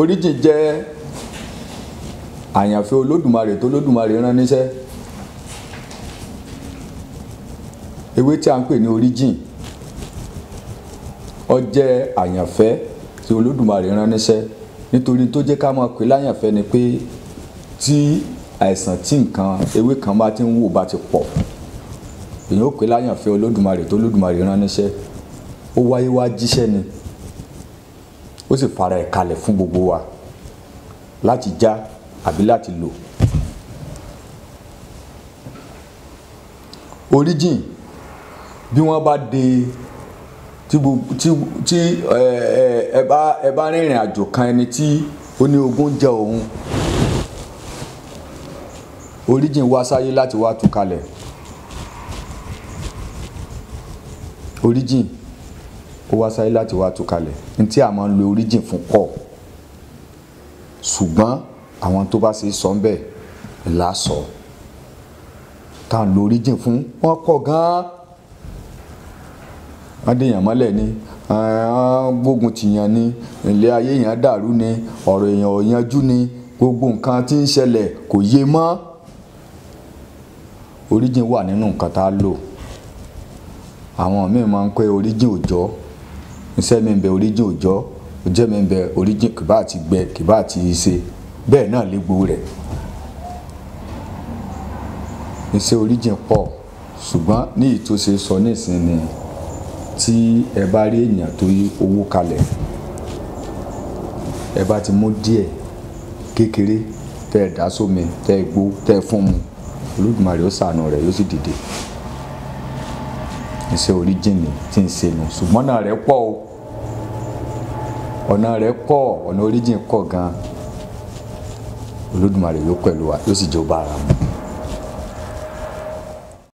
oríjì jẹ́ àyànfẹ́ olódùmarè tó lódùmarè rán níṣẹ́ ewé tí a ń pè ní oríjì ó jẹ́ àyànfẹ́ tí olódùmarè rán níṣẹ́ nítorí tó jẹ́ ká máa pè láyànfẹ́ ni pé tí àìsàn tí nǹkan ewé kan bá ti ń wò bá ti pọ̀ èèyàn ó pè láyànfẹ́ olódùmarè tó lódùmarè rán níṣẹ́ ó wáyé wá jíṣẹ́ ni ó sì fara ẹ̀ kalẹ̀ fún gbogbo wa láti já àbí láti lò origin bí wọ́n bá de tí tí ẹ bá ẹ bá rìnrìn àjò kan ẹni tí ó ní ogún jẹ́ òun origin wá sáyé láti wá tú kalẹ̀ origin ó wá sáyé láti wá tú kalẹ̀ ní tí a máa ń lo origin fún pọ̀ ṣùgbọ́n àwọn tó bá ṣe sọ ń bẹ̀ lásọ tá a lo origin fún wọn pọ̀ gan-an wọ́n dèèyàn mọ́lẹ̀ ni gbógun tìyàn ni ilé ayé yẹn dàrú ni ọ̀rọ̀ èèyàn ò ni gbogbo nǹkan tí ń ṣẹlẹ̀ kò yé mọ́ origin wà nínú nǹkan tá a lò àwọn míì máa ń pè origin òjọ́ iṣẹ́ mi ń bẹ oríjìn òjọ́ òjẹ́ mi ń bẹ oríjìn kìbá àti gbẹ kìbá àti ṣe bẹ́ẹ̀ náà légbò rẹ̀ iṣẹ́ oríjìn pọ̀ ṣùgbọ́n ní ìtòsí sọ nísìnyí tí ẹ bá rí èèyàn tó yí owó kalẹ̀ ẹ bá ti mú díẹ̀ kékeré tẹ́ ẹ dá sómi tẹ́ ẹ gbó tẹ́ ẹ fún mu Olódùmarè ó ṣàánú rẹ̀ yóò sì dìde iṣẹ́ oríjìnì tí ń ṣe nù ṣùgbọ́n ọ̀nà rẹ̀ pọ̀ o ọ̀nà rẹ̀ pọ̀ ọ̀nà oríjìn pọ̀ gan-an Olódùmarè yóò pẹ̀lú wa yóò sì jẹ́ ó ara mu.